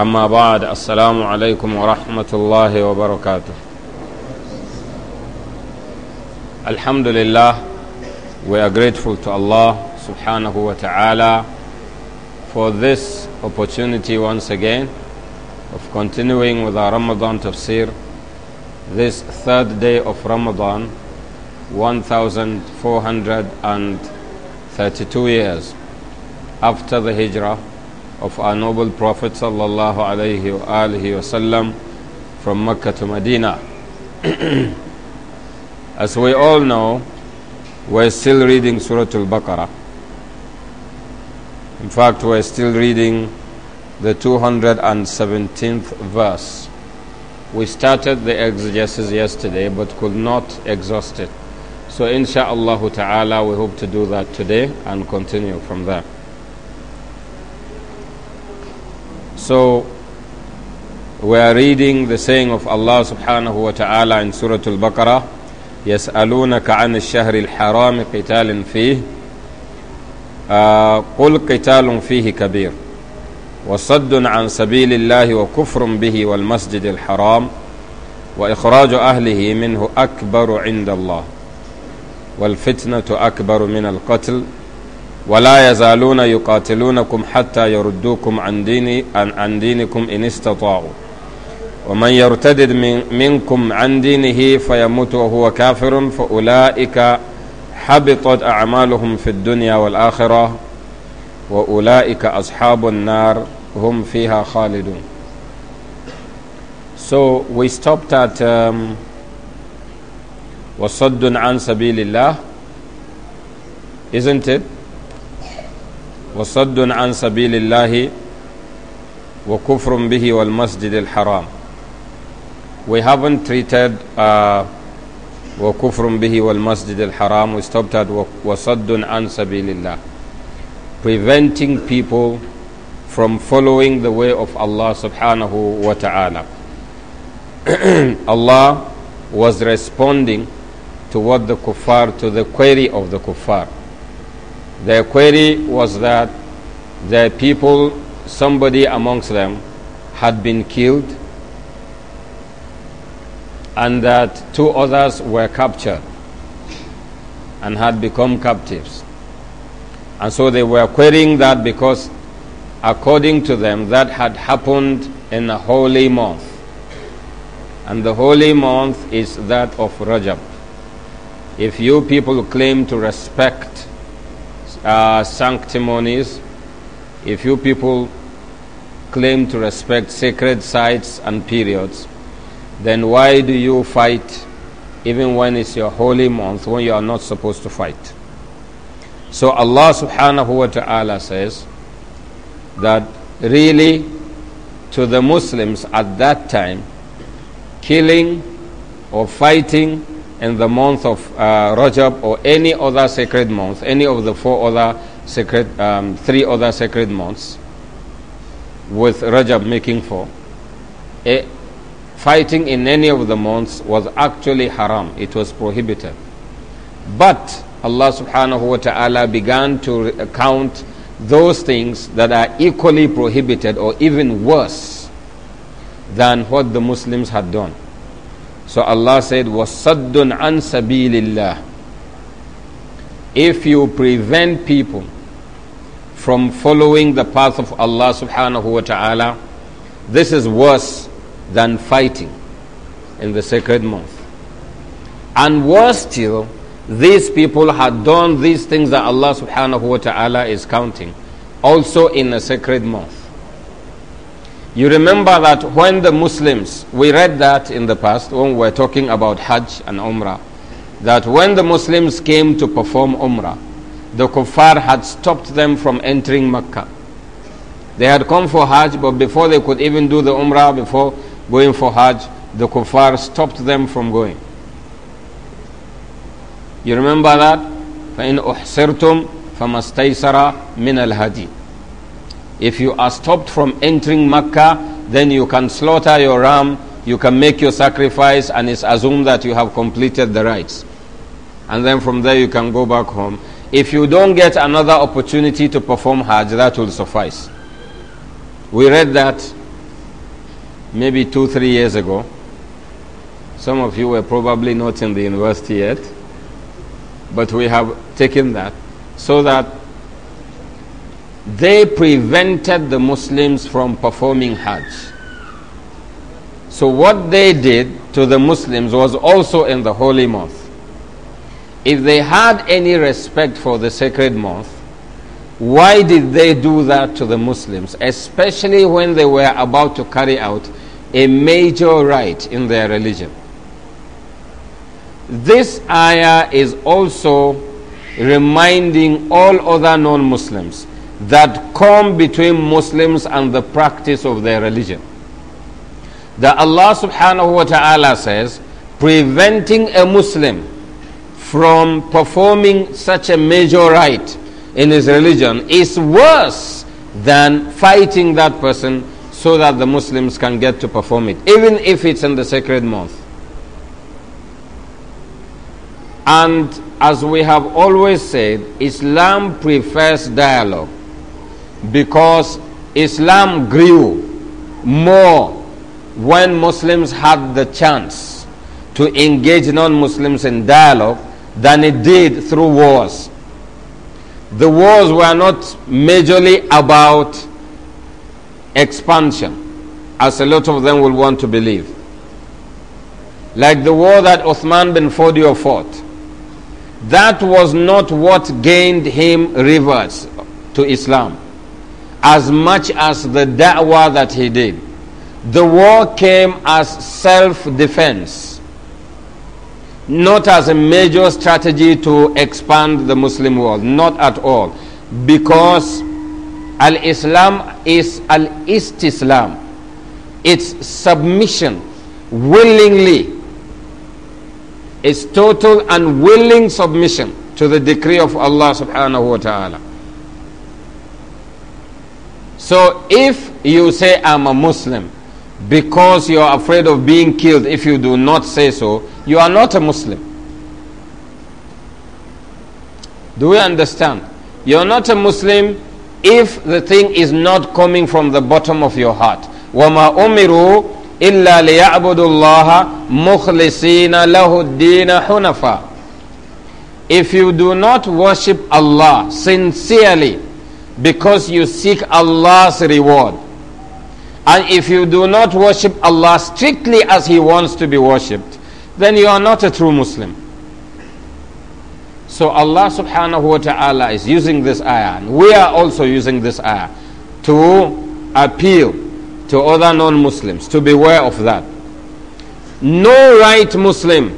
أما بعد السلام عليكم ورحمة الله وبركاته الحمد لله we are grateful to Allah subhanahu wa ta'ala for this opportunity once again of continuing with our Ramadan tafsir this third day of Ramadan 1432 years after the hijrah of our noble Prophet sallallahu alaihi wasallam from Mecca to Medina. As we all know, we're still reading Surah Al-Baqarah. In fact, we're still reading the 217th verse. We started the exegesis yesterday but could not exhaust it. So, insha'Allah ta'ala, we hope to do that today and continue from there. So, we are reading the saying of Allah subhanahu wa ta'ala in Surah Al-Baqarah, يَسْأَلُونَكَ عَنِ الشَّهْرِ الْحَرَامِ قِتَالٍ فِيهِ قُلْ قِتَالٌ فِيهِ كَبِيرٌ وصد عن سبيل الله وكفر به والمسجد الحرام وإخراج أهله منه أكبر عند الله والفتنة أكبر من القتل ولا يزالون يقاتلونكم حتى يردوكم عن, ديني عن دينكم إن استطاعوا ومن يرتد من منكم عن دينه فيموت وهو كافر فأولئك حبطت أعمالهم في الدنيا والآخرة وأولئك أصحاب النار هم فيها خالدون So we stopped at um, وصد عن سبيل الله isn't it وصد عن سبيل الله وكفر به والمسجد الحرام we haven't treated uh, وكفر به والمسجد الحرام we stopped at وصد عن سبيل الله preventing people from following the way of Allah subhanahu wa ta'ala Allah was responding to what the kuffar to the query of the kuffar their query was that their people, somebody amongst them, had been killed and that two others were captured and had become captives. And so they were querying that because, according to them, that had happened in a holy month. And the holy month is that of Rajab. If you people claim to respect uh, sanctimonies, if you people claim to respect sacred sites and periods, then why do you fight even when it's your holy month when you are not supposed to fight? So Allah subhanahu wa ta'ala says that really to the Muslims at that time, killing or fighting in the month of uh, Rajab or any other sacred month, any of the four other sacred, um, three other sacred months, with Rajab making four, a eh, fighting in any of the months was actually haram. It was prohibited. But Allah subhanahu wa ta'ala began to uh, count those things that are equally prohibited or even worse than what the Muslims had done. So Allah said, وَصَدٌّ عَن سَبِيلِ اللَّهِ If you prevent people from following the path of Allah subhanahu wa ta'ala, this is worse than fighting in the sacred month. And worse still, these people had done these things that Allah subhanahu wa ta'ala is counting, also in the sacred month. You remember that when the Muslims, we read that in the past when we were talking about Hajj and Umrah, that when the Muslims came to perform Umrah, the kuffar had stopped them from entering Makkah. They had come for Hajj, but before they could even do the Umrah, before going for Hajj, the kuffar stopped them from going. You remember that? فَإِنْ أُحْصِرْتُمْ فَمَسْتَيْسَرَ مِنَ الْهَدِي if you are stopped from entering Mecca, then you can slaughter your ram, you can make your sacrifice, and it's assumed that you have completed the rites. And then from there you can go back home. If you don't get another opportunity to perform Hajj, that will suffice. We read that maybe two, three years ago. Some of you were probably not in the university yet, but we have taken that so that they prevented the Muslims from performing Hajj. So, what they did to the Muslims was also in the holy month. If they had any respect for the sacred month, why did they do that to the Muslims, especially when they were about to carry out a major rite in their religion? This ayah is also reminding all other non Muslims that come between Muslims and the practice of their religion. That Allah subhanahu wa ta'ala says, preventing a Muslim from performing such a major rite in his religion is worse than fighting that person so that the Muslims can get to perform it, even if it's in the sacred month. And as we have always said, Islam prefers dialogue because Islam grew more when Muslims had the chance to engage non Muslims in dialogue than it did through wars. The wars were not majorly about expansion, as a lot of them will want to believe. Like the war that Uthman bin Fodio fought, that was not what gained him rivers to Islam as much as the da'wah that he did. The war came as self defense, not as a major strategy to expand the Muslim world, not at all. Because Al Islam is Al Istislam, it's submission willingly. It's total and willing submission to the decree of Allah subhanahu wa ta'ala. So if you say, I'm a Muslim, because you are afraid of being killed if you do not say so, you are not a Muslim. Do we understand? You're not a Muslim if the thing is not coming from the bottom of your heart. وَمَا أُمِرُوا إِلَّا لِيَعْبُدُوا اللَّهَ مُخْلِصِينَ لَهُ الدِّينَ حُنَفًا If you do not worship Allah sincerely, because you seek Allah's reward. And if you do not worship Allah strictly as He wants to be worshipped, then you are not a true Muslim. So Allah subhanahu wa ta'ala is using this ayah, and we are also using this ayah to appeal to other non Muslims to beware of that. No right Muslim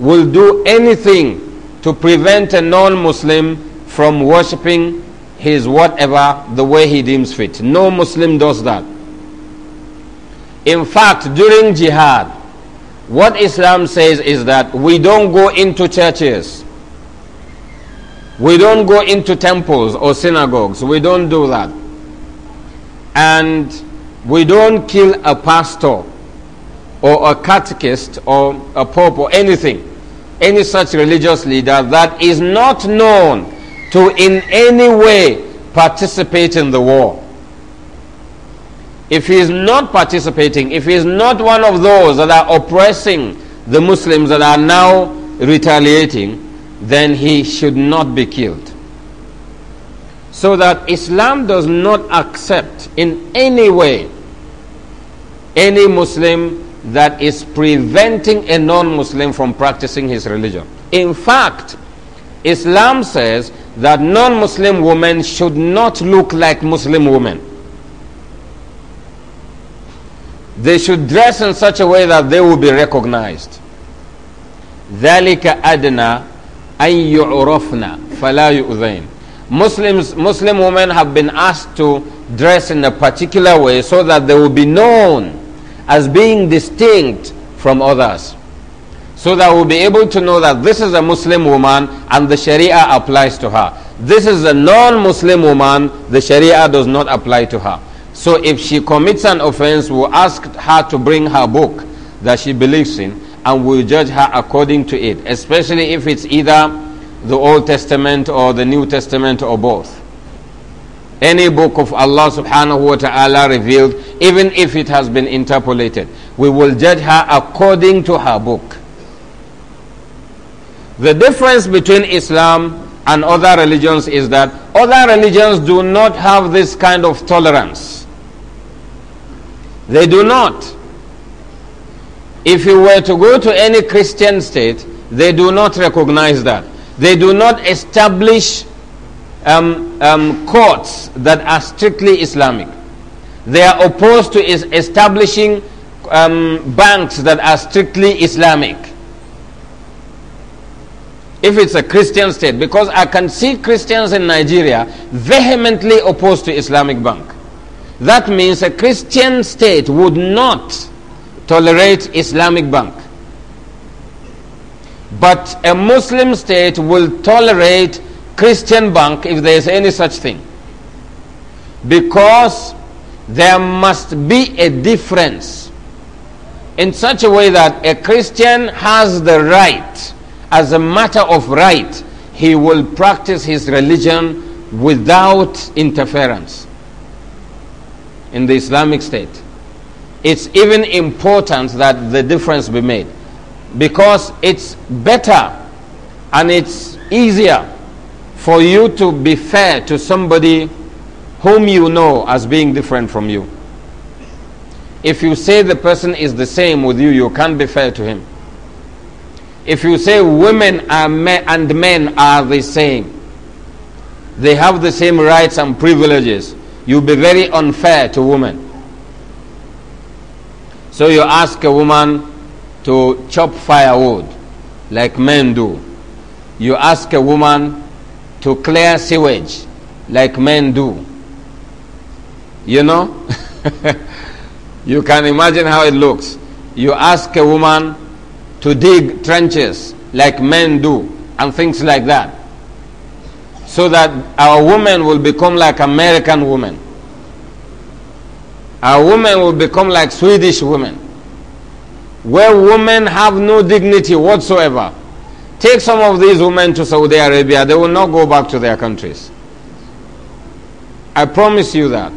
will do anything to prevent a non Muslim from worshipping his whatever the way he deems fit. No Muslim does that. In fact, during jihad, what Islam says is that we don't go into churches. We don't go into temples or synagogues. We don't do that. And we don't kill a pastor or a catechist or a pope or anything, any such religious leader that is not known to in any way participate in the war. If he is not participating, if he is not one of those that are oppressing the Muslims that are now retaliating, then he should not be killed. So that Islam does not accept in any way any Muslim that is preventing a non Muslim from practicing his religion. In fact, Islam says that non Muslim women should not look like Muslim women. They should dress in such a way that they will be recognized. ذلك أدنى أن يعرفنا فلا يؤذين Muslims, Muslim women have been asked to dress in a particular way so that they will be known as being distinct from others so that we'll be able to know that this is a Muslim woman and the Sharia applies to her. This is a non Muslim woman, the Sharia does not apply to her. So if she commits an offense, we'll ask her to bring her book that she believes in and we'll judge her according to it, especially if it's either the Old Testament or the New Testament or both. Any book of Allah subhanahu wa ta'ala revealed, even if it has been interpolated, we will judge her according to her book. The difference between Islam and other religions is that other religions do not have this kind of tolerance. They do not. If you were to go to any Christian state, they do not recognize that. They do not establish um, um, courts that are strictly Islamic. They are opposed to is establishing um, banks that are strictly Islamic if it's a Christian state, because I can see Christians in Nigeria vehemently opposed to Islamic Bank. That means a Christian state would not tolerate Islamic Bank. But a Muslim state will tolerate Christian Bank if there is any such thing. Because there must be a difference in such a way that a Christian has the right as a matter of right, he will practice his religion without interference in the Islamic State. It's even important that the difference be made because it's better and it's easier for you to be fair to somebody whom you know as being different from you. If you say the person is the same with you, you can't be fair to him. If you say women are men and men are the same, they have the same rights and privileges, you'll be very unfair to women. So you ask a woman to chop firewood like men do. You ask a woman to clear sewage like men do. You know? you can imagine how it looks. You ask a woman to dig trenches like men do and things like that. So that our women will become like American women. Our women will become like Swedish women. Where women have no dignity whatsoever. Take some of these women to Saudi Arabia, they will not go back to their countries. I promise you that.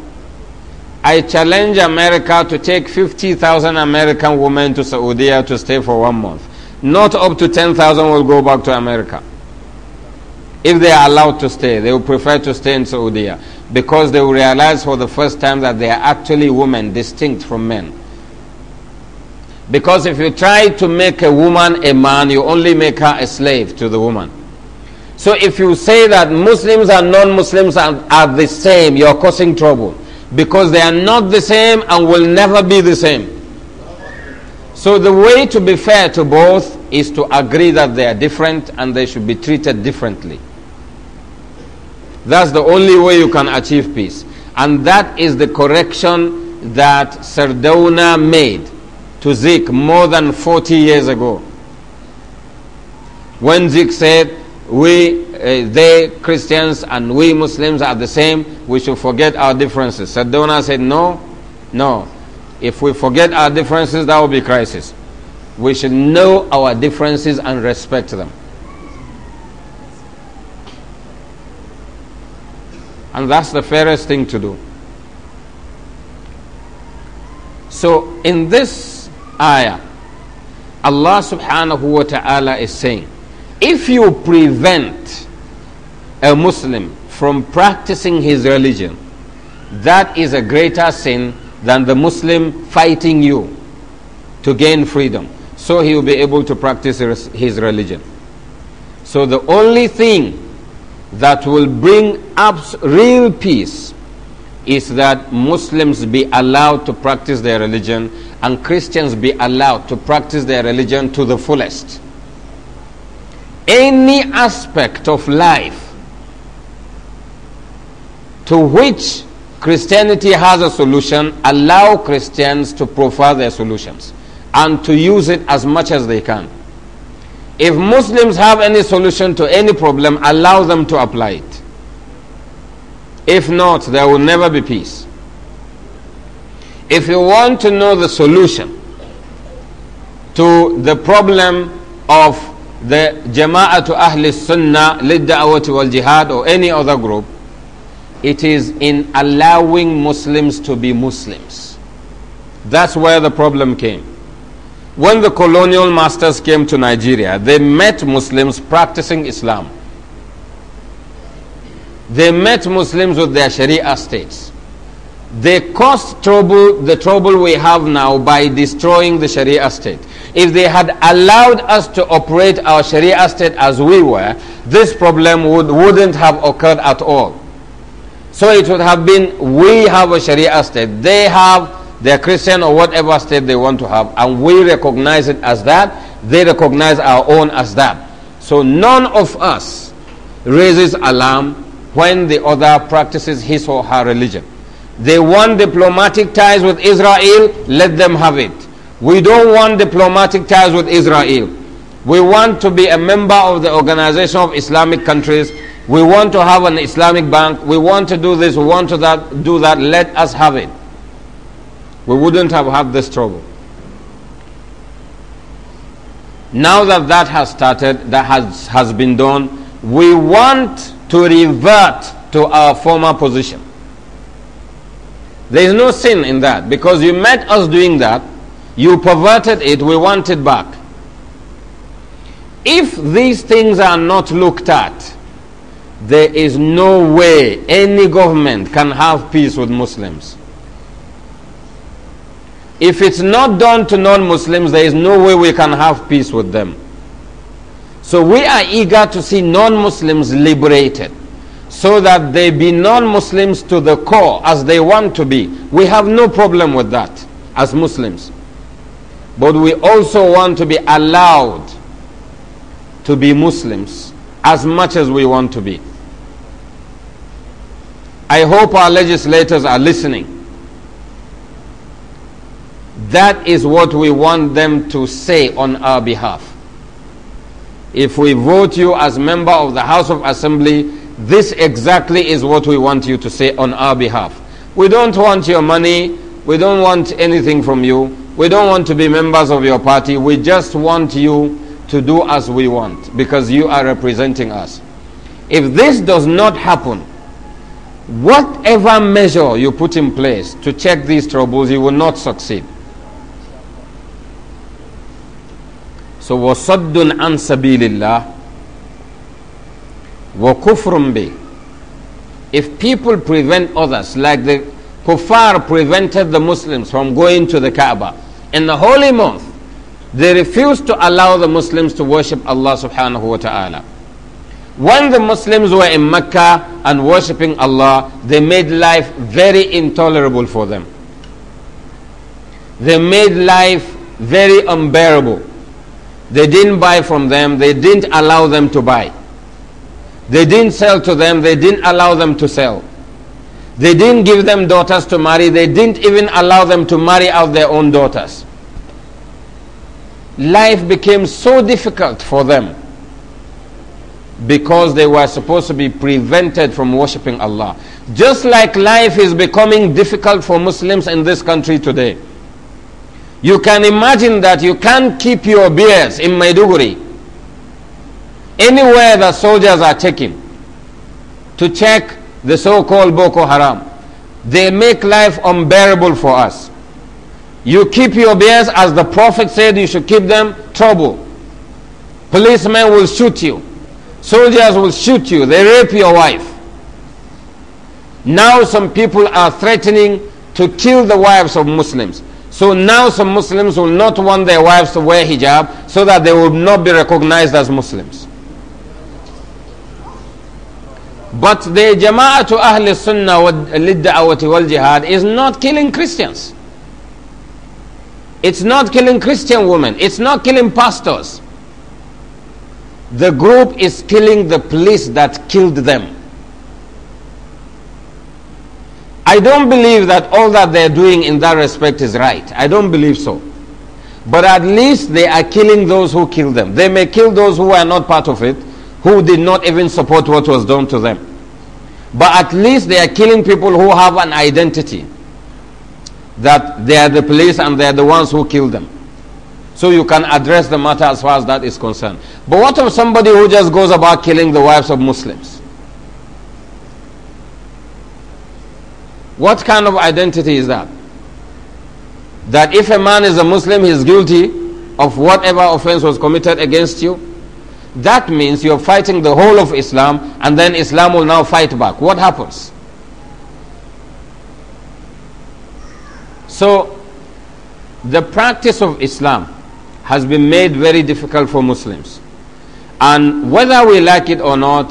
I challenge America to take 50,000 American women to Saudi Arabia to stay for one month. Not up to 10,000 will go back to America. If they are allowed to stay, they will prefer to stay in Saudi Arabia because they will realize for the first time that they are actually women distinct from men. Because if you try to make a woman a man, you only make her a slave to the woman. So if you say that Muslims and non Muslims are, are the same, you're causing trouble because they are not the same and will never be the same. So, the way to be fair to both is to agree that they are different and they should be treated differently. That's the only way you can achieve peace. And that is the correction that Sardauna made to Zik more than 40 years ago. When Zik said, We uh, they Christians and we Muslims are the same, we should forget our differences. Sadona said, No, no. If we forget our differences, that will be crisis. We should know our differences and respect them. And that's the fairest thing to do. So, in this ayah, Allah subhanahu wa ta'ala is saying, if you prevent a Muslim from practicing his religion, that is a greater sin than the Muslim fighting you to gain freedom. So he will be able to practice his religion. So the only thing that will bring up real peace is that Muslims be allowed to practice their religion and Christians be allowed to practice their religion to the fullest. Any aspect of life to which Christianity has a solution, allow Christians to proffer their solutions and to use it as much as they can. If Muslims have any solution to any problem, allow them to apply it. If not, there will never be peace. If you want to know the solution to the problem of the Jama'atu Ahli Sunnah, Lid Da'awati wal Jihad, or any other group, it is in allowing Muslims to be Muslims. That's where the problem came. When the colonial masters came to Nigeria, they met Muslims practicing Islam. They met Muslims with their Sharia states. They caused trouble, the trouble we have now by destroying the Sharia state. If they had allowed us to operate our Sharia state as we were, this problem would, wouldn't have occurred at all. So it would have been we have a Sharia state, they have their Christian or whatever state they want to have, and we recognize it as that, they recognize our own as that. So none of us raises alarm when the other practices his or her religion. They want diplomatic ties with Israel, let them have it. We don't want diplomatic ties with Israel. We want to be a member of the Organization of Islamic Countries. We want to have an Islamic bank. We want to do this. We want to that, do that. Let us have it. We wouldn't have had this trouble. Now that that has started, that has, has been done, we want to revert to our former position. There is no sin in that because you met us doing that, you perverted it, we want it back. If these things are not looked at, there is no way any government can have peace with Muslims. If it's not done to non Muslims, there is no way we can have peace with them. So we are eager to see non Muslims liberated so that they be non Muslims to the core as they want to be. We have no problem with that as Muslims. But we also want to be allowed to be Muslims as much as we want to be. I hope our legislators are listening. That is what we want them to say on our behalf. If we vote you as member of the House of Assembly, this exactly is what we want you to say on our behalf. We don't want your money. We don't want anything from you. We don't want to be members of your party. We just want you to do as we want because you are representing us. If this does not happen, whatever measure you put in place to check these troubles, you will not succeed. So, وَصَدٌّ عَن سَبِيلِ اللَّهِ وَكُفْرٌ بِهِ If people prevent others, like the kuffar prevented the Muslims from going to the Kaaba in the holy month, they refused to allow the Muslims to worship Allah subhanahu wa ta'ala. When the Muslims were in Mecca and worshipping Allah, they made life very intolerable for them. They made life very unbearable. They didn't buy from them, they didn't allow them to buy. They didn't sell to them, they didn't allow them to sell. They didn't give them daughters to marry, they didn't even allow them to marry out their own daughters life became so difficult for them because they were supposed to be prevented from worshipping Allah. Just like life is becoming difficult for Muslims in this country today. You can imagine that you can't keep your beers in Maiduguri. Anywhere the soldiers are checking, to check the so called Boko Haram, they make life unbearable for us. You keep your beards as the Prophet said you should keep them, trouble. Policemen will shoot you. Soldiers will shoot you. They rape your wife. Now some people are threatening to kill the wives of Muslims. So now some Muslims will not want their wives to wear hijab so that they will not be recognized as Muslims. But the Jama'atu Ahl Sunnah wal-jihad is not killing Christians. It's not killing Christian women. It's not killing pastors. The group is killing the police that killed them. I don't believe that all that they're doing in that respect is right. I don't believe so. But at least they are killing those who killed them. They may kill those who are not part of it, who did not even support what was done to them. But at least they are killing people who have an identity that they are the police and they are the ones who kill them. So you can address the matter as far as that is concerned. But what of somebody who just goes about killing the wives of Muslims? What kind of identity is that? That if a man is a Muslim, he is guilty of whatever offense was committed against you? That means you're fighting the whole of Islam and then Islam will now fight back. What happens? So, the practice of Islam has been made very difficult for Muslims. And whether we like it or not,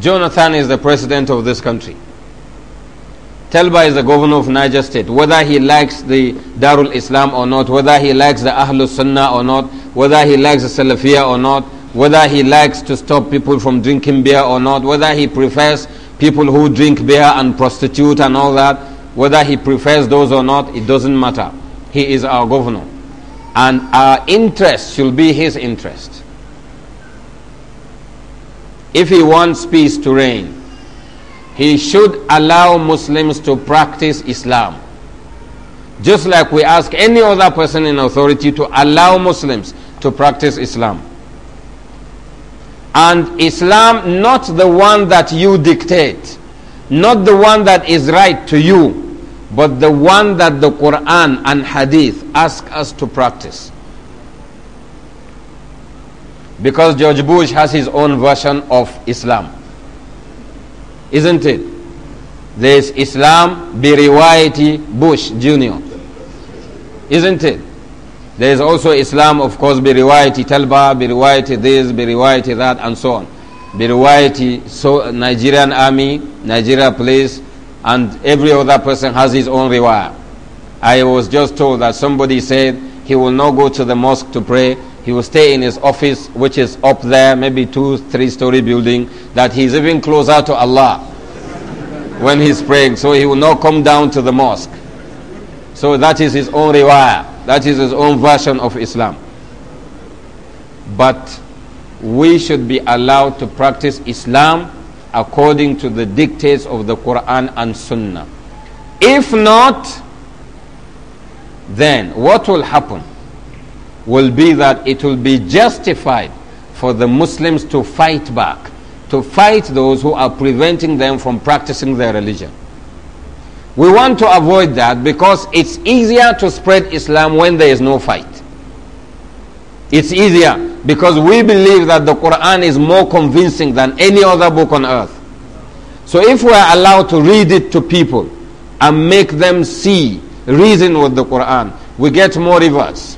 Jonathan is the president of this country. Telba is the governor of Niger State. Whether he likes the Darul Islam or not, whether he likes the Ahlul Sunnah or not, whether he likes the Salafia or not, whether he likes to stop people from drinking beer or not, whether he prefers people who drink beer and prostitute and all that, whether he prefers those or not, it doesn't matter. He is our governor. And our interest should be his interest. If he wants peace to reign, he should allow Muslims to practice Islam. Just like we ask any other person in authority to allow Muslims to practice Islam. And Islam, not the one that you dictate, not the one that is right to you, but the one that the Quran and Hadith ask us to practice. Because George Bush has his own version of Islam. Isn't it? There is Islam Biriwayati Bush Jr. Isn't it? There is also Islam, of course, Biriwayati Talba, Biriwayati this, Biriwayati that, and so on. Biriwayati so, Nigerian Army, Nigeria Police, and every other person has his own riwayah. I was just told that somebody said he will not go to the mosque to pray. He will stay in his office, which is up there, maybe two, three story building, that he's even closer to Allah when he's praying. So he will not come down to the mosque. So that is his own riwayah. That is his own version of Islam. But we should be allowed to practice Islam according to the dictates of the Quran and Sunnah. If not, then what will happen will be that it will be justified for the Muslims to fight back, to fight those who are preventing them from practicing their religion. We want to avoid that because it's easier to spread Islam when there is no fight. It's easier because we believe that the Quran is more convincing than any other book on earth. So if we are allowed to read it to people and make them see, reason with the Quran, we get more reverts.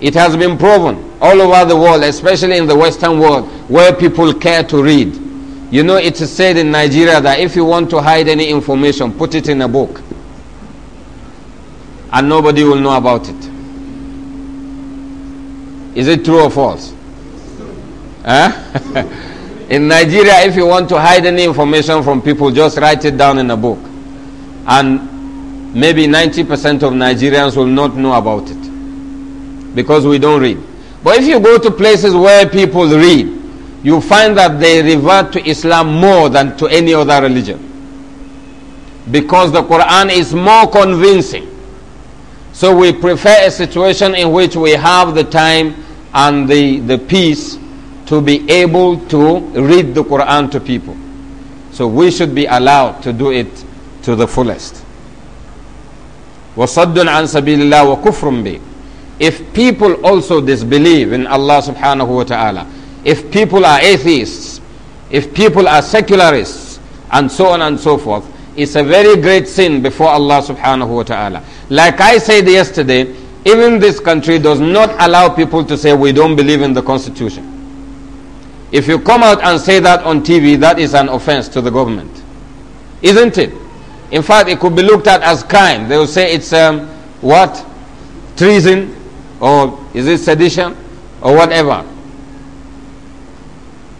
It has been proven all over the world, especially in the Western world, where people care to read. You know, it is said in Nigeria that if you want to hide any information, put it in a book and nobody will know about it. Is it true or false? Huh? in Nigeria, if you want to hide any information from people, just write it down in a book. And maybe 90% of Nigerians will not know about it because we don't read. But if you go to places where people read, you find that they revert to Islam more than to any other religion. Because the Quran is more convincing. So we prefer a situation in which we have the time and the, the peace to be able to read the Quran to people. So we should be allowed to do it to the fullest. وَصَدٌّ an سَبِيلِ wa وَكُفْرٌ If people also disbelieve in Allah subhanahu wa ta'ala, if people are atheists, if people are secularists, and so on and so forth, it's a very great sin before Allah subhanahu wa ta'ala. Like I said yesterday, even this country does not allow people to say we don't believe in the constitution. If you come out and say that on TV, that is an offense to the government. Isn't it? In fact, it could be looked at as crime. They will say it's um, what? Treason? Or is it sedition? Or whatever.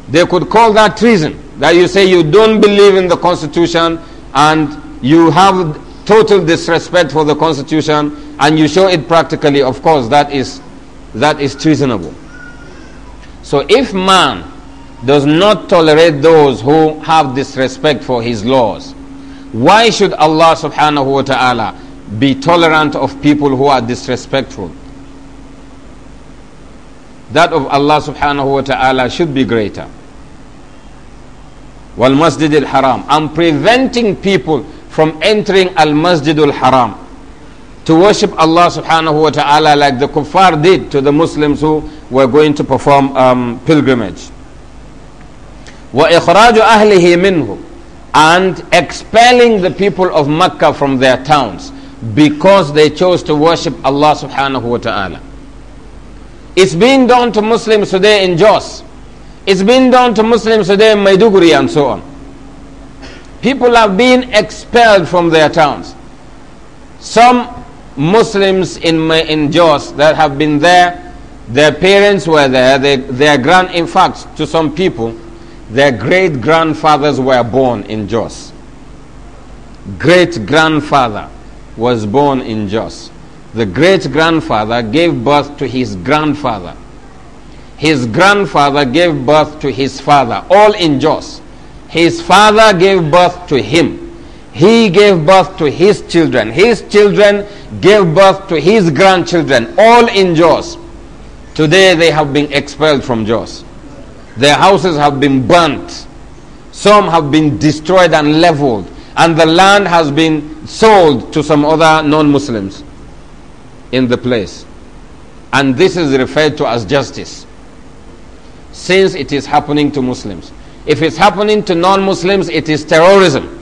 They could call that treason. That you say you don't believe in the Constitution and you have total disrespect for the Constitution and you show it practically, of course, that is, that is treasonable. So if man does not tolerate those who have disrespect for his laws, why should Allah subhanahu wa ta'ala be tolerant of people who are disrespectful? That of Allah subhanahu wa ta'ala should be greater. Wal Masjid al Haram. I'm preventing people from entering Al Masjid al Haram to worship Allah subhanahu wa ta'ala like the kuffar did to the Muslims who were going to perform um, pilgrimage. وَإِخْرَاجُ أَهْلِهِ مِنْهُ And expelling the people of Mecca from their towns because they chose to worship Allah subhanahu wa ta'ala. It's being done to Muslims today in Jos. It's being done to Muslims today in Maiduguri and so on. People are being expelled from their towns. Some Muslims in, in Jos that have been there. Their parents were there, they, their grand, in fact, to some people, their great grandfathers were born in Jos. Great grandfather was born in Jos. The great grandfather gave birth to his grandfather. His grandfather gave birth to his father, all in Jos. His father gave birth to him he gave birth to his children. His children gave birth to his grandchildren, all in Jaws. Today they have been expelled from Jaws. Their houses have been burnt. Some have been destroyed and leveled. And the land has been sold to some other non Muslims in the place. And this is referred to as justice. Since it is happening to Muslims. If it's happening to non Muslims, it is terrorism.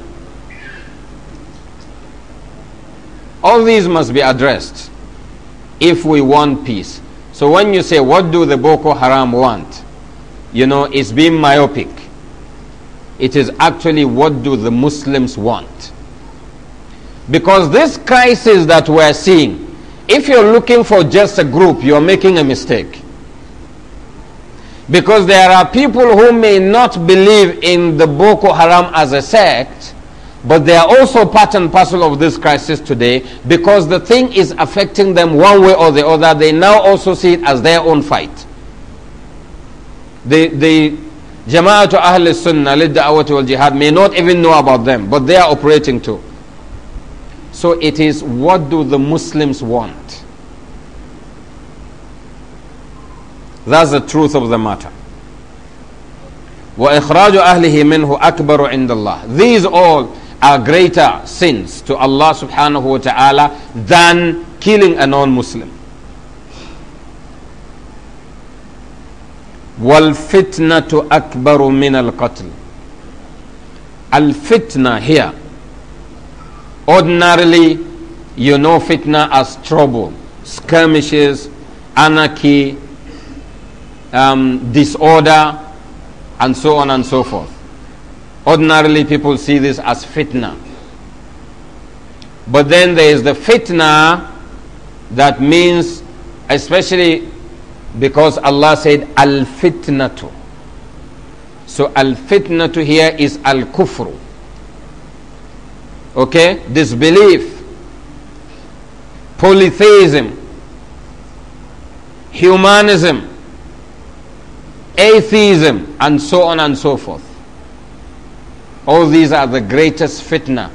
All these must be addressed if we want peace. So when you say, what do the Boko Haram want? You know, it's being myopic. It is actually, what do the Muslims want? Because this crisis that we're seeing, if you're looking for just a group, you're making a mistake. Because there are people who may not believe in the Boko Haram as a sect, but they are also part and parcel of this crisis today because the thing is affecting them one way or the other. They now also see it as their own fight. The, the Jama'atu Ahl Sunnah, Lid Da'awati al Jihad may not even know about them, but they are operating too. So it is what do the Muslims want? That's the truth of the matter. وإخراج أهله منه أكبر عند الله. These all are greater sins to Allah subhanahu wa ta'ala than killing a non-Muslim. والفتنة أكبر من القتل الفتنة here ordinarily you know fitna as trouble skirmishes anarchy um, disorder and so on and so forth Ordinarily, people see this as fitna. But then there is the fitna that means, especially because Allah said al fitnatu. So al fitnatu here is al kufru. Okay? Disbelief, polytheism, humanism, atheism, and so on and so forth. All oh, these are the greatest fitna.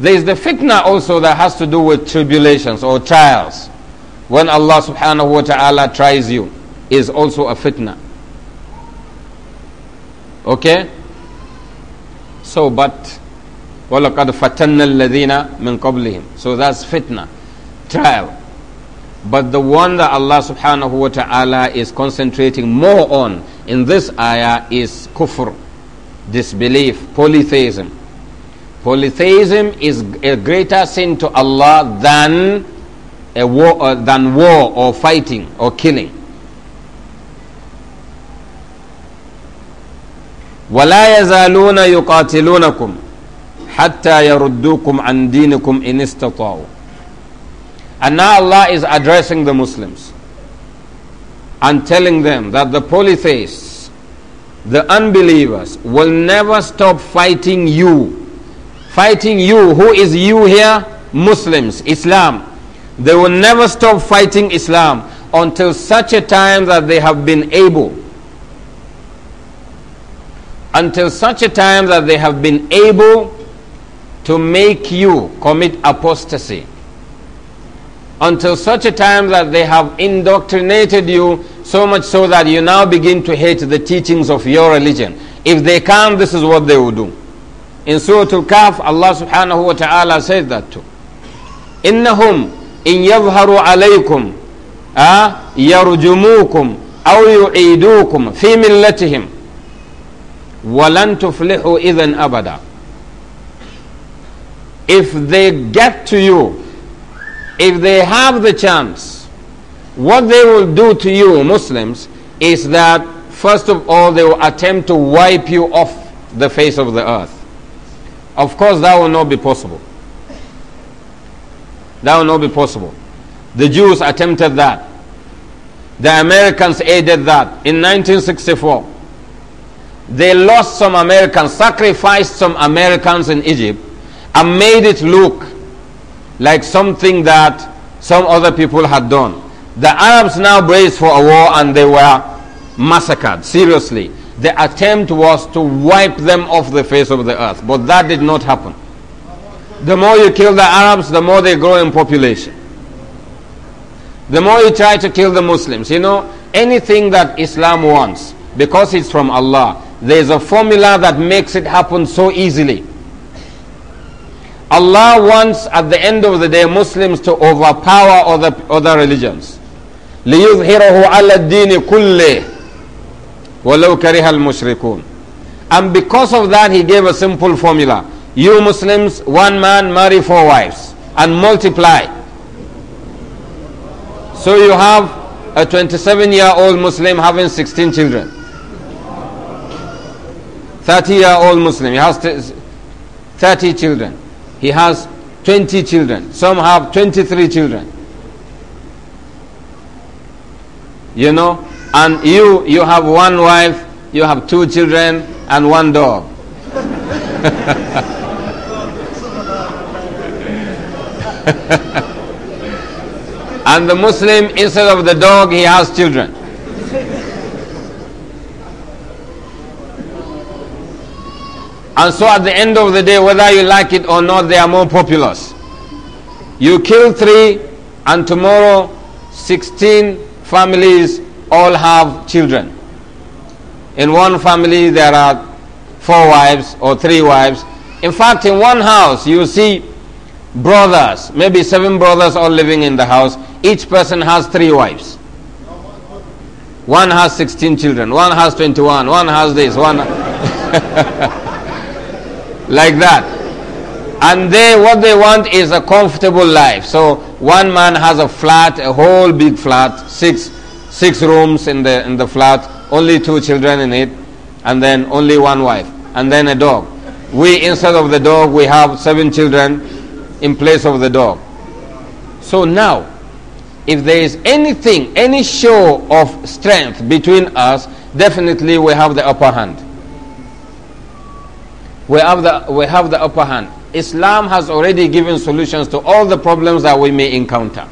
There is the fitna also that has to do with tribulations or trials. When Allah subhanahu wa ta'ala tries you, is also a fitna. Okay? So, but وَلَقَدْ فَتَنَّ الَّذِينَ مِنْ قَبْلِهِمْ So that's fitna, trial. But the one that Allah subhanahu wa ta'ala is concentrating more on in this ayah is kufr disbelief, polytheism. Polytheism is a greater sin to Allah than a war, uh, than war or fighting or killing. ولا يزالون يقاتلونكم حتى يردوكم عن دينكم إن استطاعوا. And now Allah is addressing the Muslims and telling them that the polytheists the unbelievers will never stop fighting you. Fighting you. Who is you here? Muslims, Islam. They will never stop fighting Islam until such a time that they have been able. Until such a time that they have been able to make you commit apostasy until such a time that they have indoctrinated you so much so that you now begin to hate the teachings of your religion. If they can, this is what they will do. In Surah al kaf Allah subhanahu wa ta'ala says that too. إنهم إن يظهروا عليكم يرجموكم أو يعيدوكم في ملتهم ولن تفلحوا إذا أبدا If they get to you if they have the chance, what they will do to you, Muslims, is that first of all they will attempt to wipe you off the face of the earth. Of course, that will not be possible. That will not be possible. The Jews attempted that. The Americans aided that in 1964. They lost some Americans, sacrificed some Americans in Egypt, and made it look like something that some other people had done. The Arabs now braced for a war and they were massacred, seriously. The attempt was to wipe them off the face of the earth, but that did not happen. The more you kill the Arabs, the more they grow in population. The more you try to kill the Muslims, you know, anything that Islam wants, because it's from Allah, there is a formula that makes it happen so easily. Allah wants at the end of the day Muslims to overpower other, other religions. لِيُظْهِرَهُ عَلَى الدِّينِ كُلِّهِ وَلَوْ كَرِهَ الْمُشْرِكُونَ And because of that, he gave a simple formula. You Muslims, one man marry four wives and multiply. So you have a 27 year old Muslim having 16 children. 30 year old Muslim, he has 30 children. He has 20 children. Some have 23 children. You know? And you, you have one wife, you have two children, and one dog. and the Muslim, instead of the dog, he has children. And so at the end of the day, whether you like it or not, they are more populous. You kill three, and tomorrow 16 families all have children. In one family, there are four wives or three wives. In fact, in one house, you see brothers, maybe seven brothers all living in the house. Each person has three wives. One has 16 children, one has 21, one has this, one. like that. And they, what they want is a comfortable life. So one man has a flat, a whole big flat, six, six rooms in the, in the flat, only two children in it, and then only one wife, and then a dog. We, instead of the dog, we have seven children in place of the dog. So now, if there is anything, any show of strength between us, definitely we have the upper hand we have the, we have the upper hand. Islam has already given solutions to all the problems that we may encounter.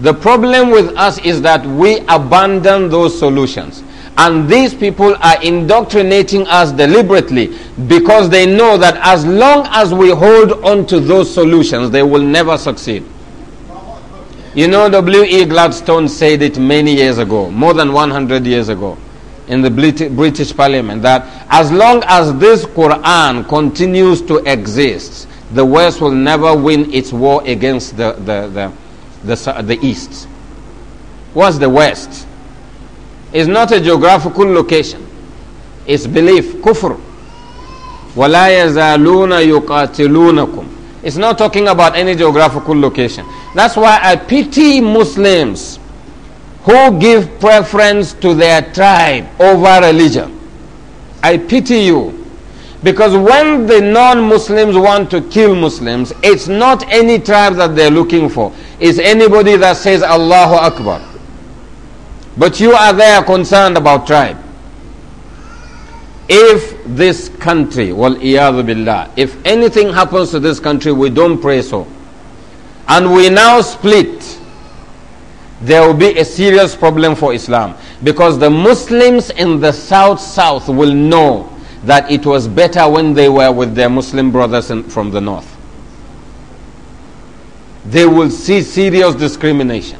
The problem with us is that we abandon those solutions. And these people are indoctrinating us deliberately because they know that as long as we hold on to those solutions, they will never succeed. You know, W.E. Gladstone said it many years ago, more than 100 years ago in the British Parliament that as long as this Quran continues to exist, the West will never win its war against the, the, the, the, the East. What's the West? It's not a geographical location, it's belief, kufr. وَلَا يَزَالُونَ يُقَاتِلُونَكُمْ It's not talking about any geographical location. That's why I pity Muslims who give preference to their tribe over religion. I pity you. Because when the non Muslims want to kill Muslims, it's not any tribe that they're looking for, it's anybody that says Allahu Akbar. But you are there concerned about tribe. If this country, wal billah, if anything happens to this country, we don't pray so. And we now split there will be a serious problem for Islam. Because the Muslims in the south south will know that it was better when they were with their Muslim brothers in, from the north. They will see serious discrimination.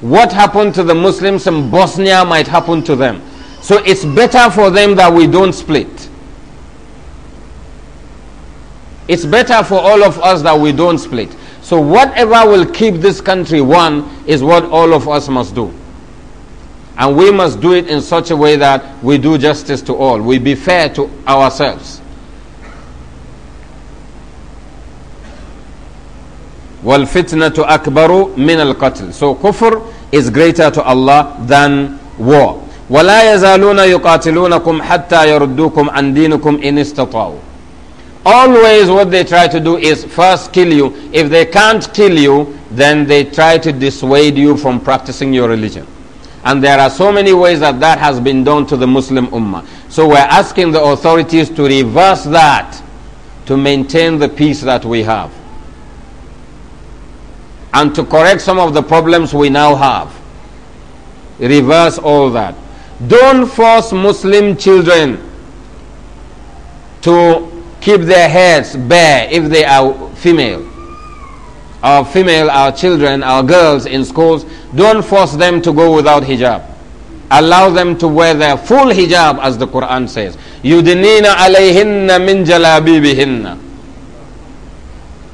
What happened to the Muslims in Bosnia might happen to them. So it's better for them that we don't split. It's better for all of us that we don't split. So, whatever will keep this country one is what all of us must do. And we must do it in such a way that we do justice to all, we be fair to ourselves. وَالْفِتْنَةُ أَكْبَرُ مِنَ الْقَتْلِ So kufr is greater to Allah than war. وَلَا يَزَالُونَ يُقَاتِلُونَكُمْ حَتَّى يَرُدُّوكُمْ عَنْ دِينِكُمْ إِنِ Always what they try to do is first kill you. If they can't kill you, then they try to dissuade you from practicing your religion. And there are so many ways that that has been done to the Muslim Ummah. So we're asking the authorities to reverse that to maintain the peace that we have and to correct some of the problems we now have. Reverse all that. Don't force Muslim children to keep their heads bare if they are female. Our female, our children, our girls in schools, don't force them to go without hijab. Allow them to wear their full hijab as the Quran says. Yudinina alayhinna min jalabibihinna.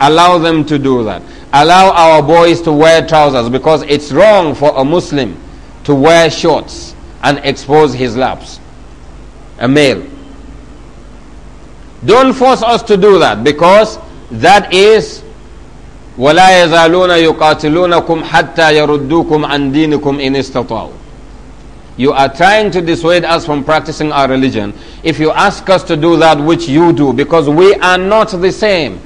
Allow them to do that. Allow our boys to wear trousers because it's wrong for a Muslim to wear shorts and expose his laps. A male. Don't force us to do that because that is ولا يزالون يقاتلونكم حتى يردوكم عن دينكم إن استطاعوا you are trying to dissuade us from practicing our religion. If you ask us to do that which you do, because we are not the same.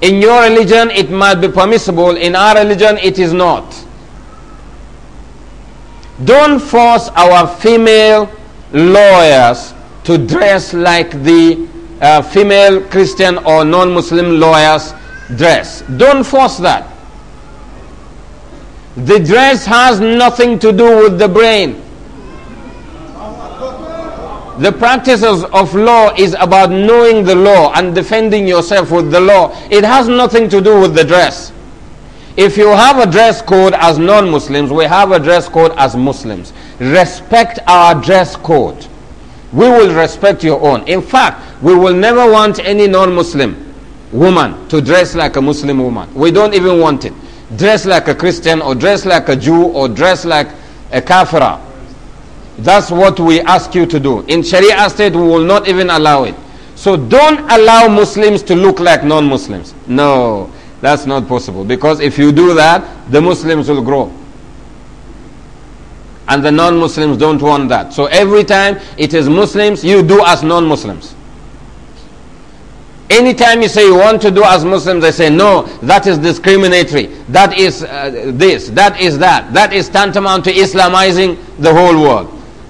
In your religion, it might be permissible. In our religion, it is not. Don't force our female lawyers to dress like the uh, female Christian or non Muslim lawyers dress. Don't force that. The dress has nothing to do with the brain. The practices of law is about knowing the law and defending yourself with the law. It has nothing to do with the dress. If you have a dress code as non Muslims, we have a dress code as Muslims. Respect our dress code. We will respect your own. In fact, we will never want any non Muslim woman to dress like a Muslim woman. We don't even want it. Dress like a Christian or dress like a Jew or dress like a kafira. That's what we ask you to do. In Sharia state, we will not even allow it. So don't allow Muslims to look like non Muslims. No, that's not possible. Because if you do that, the Muslims will grow. And the non Muslims don't want that. So every time it is Muslims, you do as non Muslims. Anytime you say you want to do as Muslims, they say, no, that is discriminatory. That is uh, this, that is that. That is tantamount to Islamizing the whole world.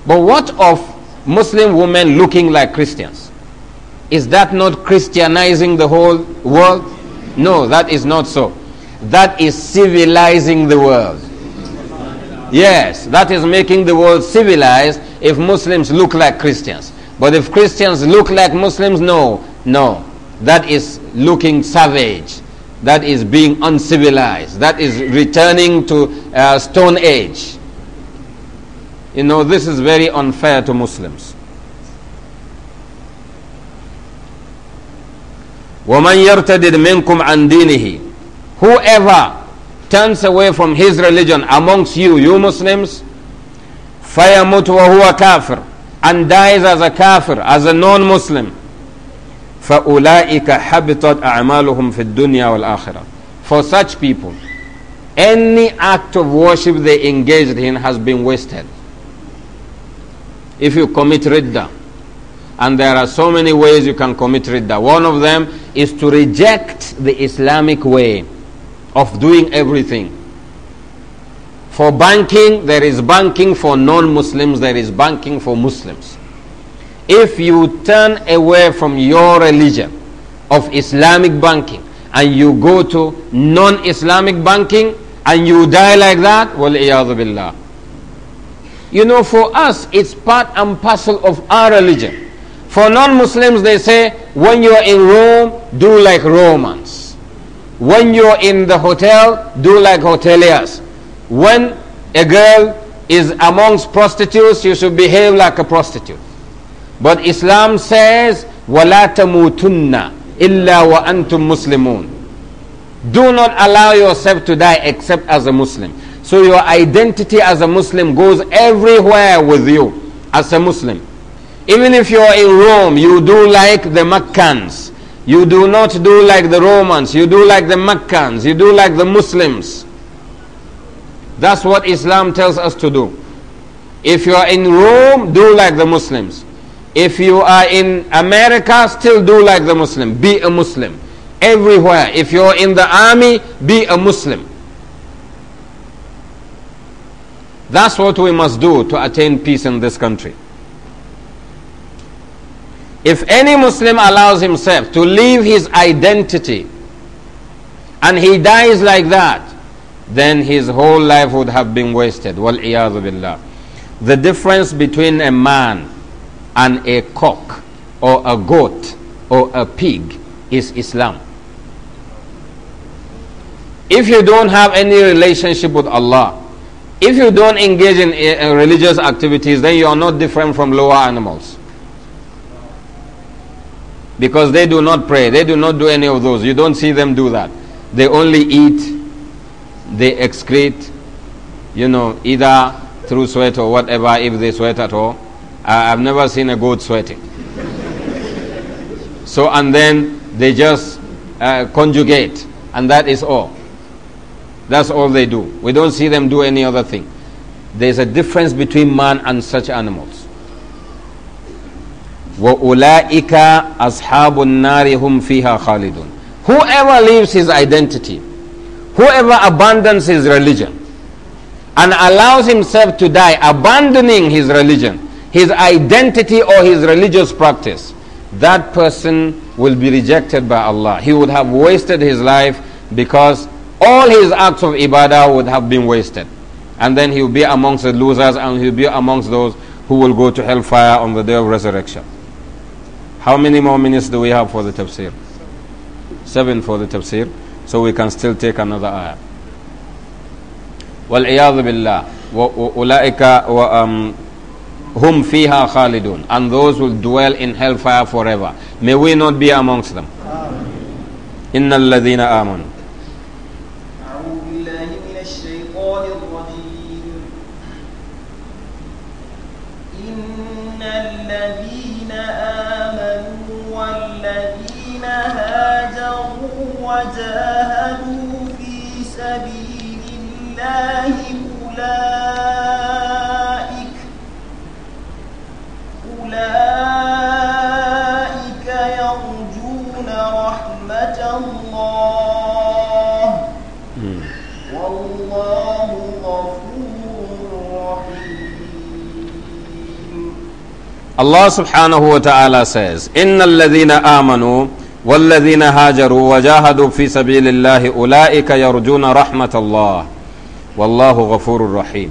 But what of Muslim women looking like Christians? Is that not Christianizing the whole world? No, that is not so. That is civilizing the world. Yes, that is making the world civilized if Muslims look like Christians. But if Christians look like Muslims, no, no that is looking savage, that is being uncivilized, that is returning to uh, Stone Age. You know, this is very unfair to Muslims. وَمَنْ يَرْتَدِدْ مِنْكُمْ عَنْ دِينِهِ Whoever turns away from his religion amongst you, you Muslims, فَيَمُتْ وَهُوَ كَافِرٌ And dies as a kafir, as a non-Muslim. فَأُولَٰئِكَ حَبِطَتْ أَعْمَالُهُمْ فِي الدُّنْيَا وَالْآخِرَةِ For such people, any act of worship they engaged in has been wasted. If you commit ridda, and there are so many ways you can commit ridda. One of them is to reject the Islamic way of doing everything. For banking, there is banking for non Muslims, there is banking for Muslims if you turn away from your religion of Islamic banking and you go to non Islamic banking and you die like that, well, billah. You know, for us, it's part and parcel of our religion. For non Muslims, they say, when you are in Rome, do like Romans. When you are in the hotel, do like hoteliers. When a girl is amongst prostitutes, you should behave like a prostitute. But Islam says, وَلَا تَمُوتُنَّ إِلَّا وَأَنْتُمْ مُسْلِمُونَ Do not allow yourself to die except as a Muslim. So your identity as a Muslim goes everywhere with you as a Muslim. Even if you are in Rome, you do like the Meccans. You do not do like the Romans. You do like the Meccans. You do like the Muslims. That's what Islam tells us to do. If you are in Rome, do like the Muslims. If you are in America, still do like the Muslim. Be a Muslim. Everywhere. If you're in the army, be a Muslim. That's what we must do to attain peace in this country. If any Muslim allows himself to leave his identity and he dies like that, then his whole life would have been wasted. Wal billah. The difference between a man and a cock or a goat or a pig is Islam. If you don't have any relationship with Allah, if you don't engage in, in eh, eh, religious activities, then you are not different from lower animals. Because they do not pray, they do not do any of those. You don't see them do that. They only eat, they excrete, you know, either through sweat or whatever, if they sweat at all I've never seen a goat sweating. So, and then they just uh, conjugate, and that is all. That's all they do. We don't see them do any other thing. There's a difference between man and such animals. Whoever leaves his identity, whoever abandons his religion, and allows himself to die abandoning his religion, his identity or his religious practice, that person will be rejected by Allah. He would have wasted his life because all his acts of ibadah would have been wasted. And then he will be amongst the losers and he will be amongst those who will go to hellfire on the day of resurrection. How many more minutes do we have for the tafsir? Seven for the tafsir. So we can still take another ayah. وَالْعِيَاذُ بِاللَّهِ وَأُولَٰئِكَ whom fiha khalidun. And those will dwell in hellfire forever. May we not be amongst them. إن الذين آمنوا وجاهدوا في سبيل الله أولئك Allah subhanahu wa ta'ala says, إِنَّ الَّذِينَ آمَنُوا وَالَّذِينَ هَاجَرُوا وَجَاهَدُوا فِي سَبِيلِ اللَّهِ أُولَٰئِكَ يَرْجُونَ رَحْمَةَ اللَّهِ وَاللَّهُ غَفُورٌ رَحِيمٌ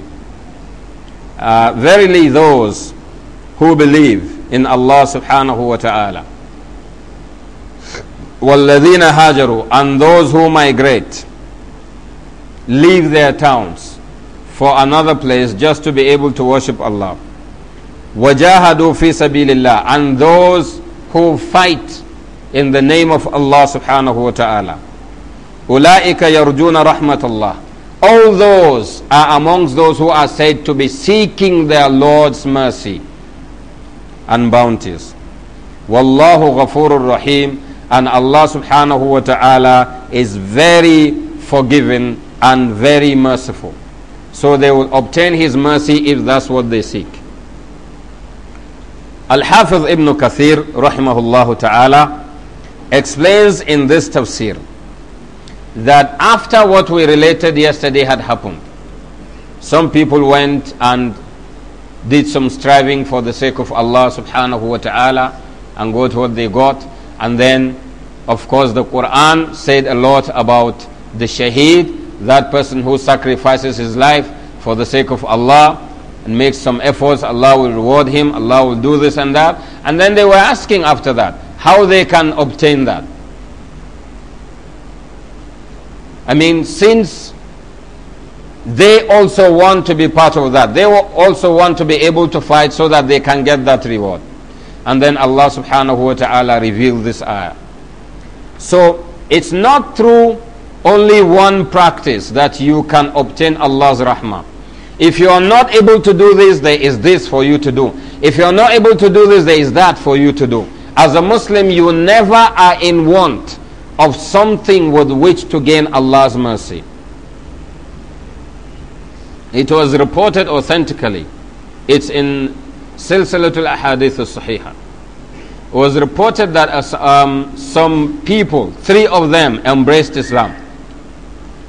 uh, Verily those who believe in Allah subhanahu wa ta'ala وَالَّذِينَ هَاجَرُوا And those who migrate leave their towns for another place just to be able to worship Allah وَجَاهَدُوا فِي سَبِيلِ اللَّهِ And those who fight in the name of Allah subhanahu wa ta'ala. أُولَٰئِكَ يَرْجُونَ رَحْمَةَ اللَّهِ All those are amongst those who are said to be seeking their Lord's mercy and bounties. وَاللَّهُ غَفُورٌ رَحِيمٌ And Allah subhanahu wa ta'ala is very forgiving and very merciful. So they will obtain His mercy if that's what they seek. Al-Hafiz ibn Kathir, rahimahullah ta'ala, explains in this tafsir that after what we related yesterday had happened, some people went and did some striving for the sake of Allah subhanahu wa ta'ala and got what they got. And then, of course, the Quran said a lot about the shaheed, that person who sacrifices his life for the sake of Allah and some efforts, Allah will reward him, Allah will do this and that. And then they were asking after that how they can obtain that. I mean, since they also want to be part of that, they also want to be able to fight so that they can get that reward. And then Allah subhanahu wa ta'ala revealed this ayah. So it's not through only one practice that you can obtain Allah's rahmah. If you are not able to do this, there is this for you to do. If you are not able to do this, there is that for you to do. As a Muslim, you never are in want of something with which to gain Allah's mercy. It was reported authentically. It's in Silsilatul Ahadith sahiha It was reported that as, uh, um, some people, three of them, embraced Islam.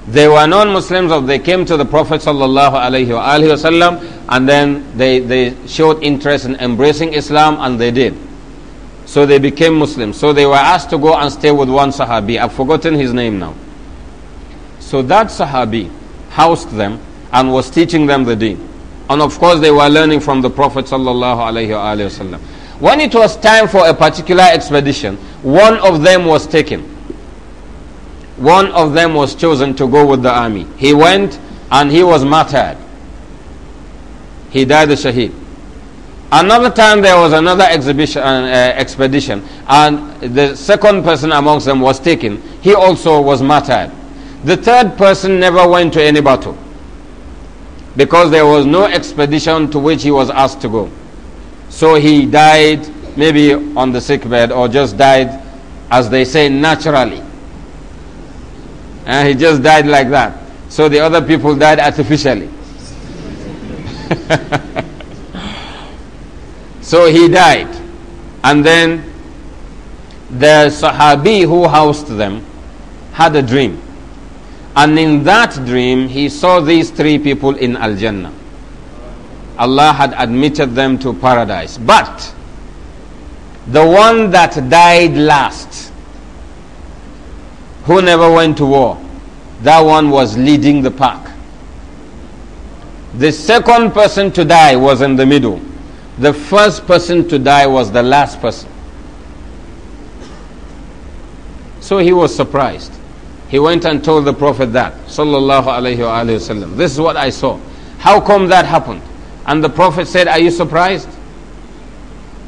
They were non-Muslims or they came to the Prophet sallallahu alaihi wasallam and then they, they showed interest in embracing Islam and they did. So they became Muslims. So they were asked to go and stay with one Sahabi. I've forgotten his name now. So that Sahabi housed them and was teaching them the deen. And of course they were learning from the Prophet sallallahu alaihi wasallam. When it was time for a particular expedition, one of them was taken one of them was chosen to go with the army. He went and he was martyred. He died a shaheed. Another time there was another exhibition, uh, expedition, and the second person amongst them was taken. He also was martyred. The third person never went to any battle because there was no expedition to which he was asked to go. So he died maybe on the sickbed or just died, as they say, naturally. And he just died like that. So the other people died artificially. so he died. And then the Sahabi who housed them had a dream. And in that dream, he saw these three people in Al Jannah. Allah had admitted them to paradise. But the one that died last, who never went to war? That one was leading the pack. The second person to die was in the middle. The first person to die was the last person. So he was surprised. He went and told the Prophet that, sallallahu alayhi wasallam. This is what I saw. How come that happened? And the Prophet said, Are you surprised?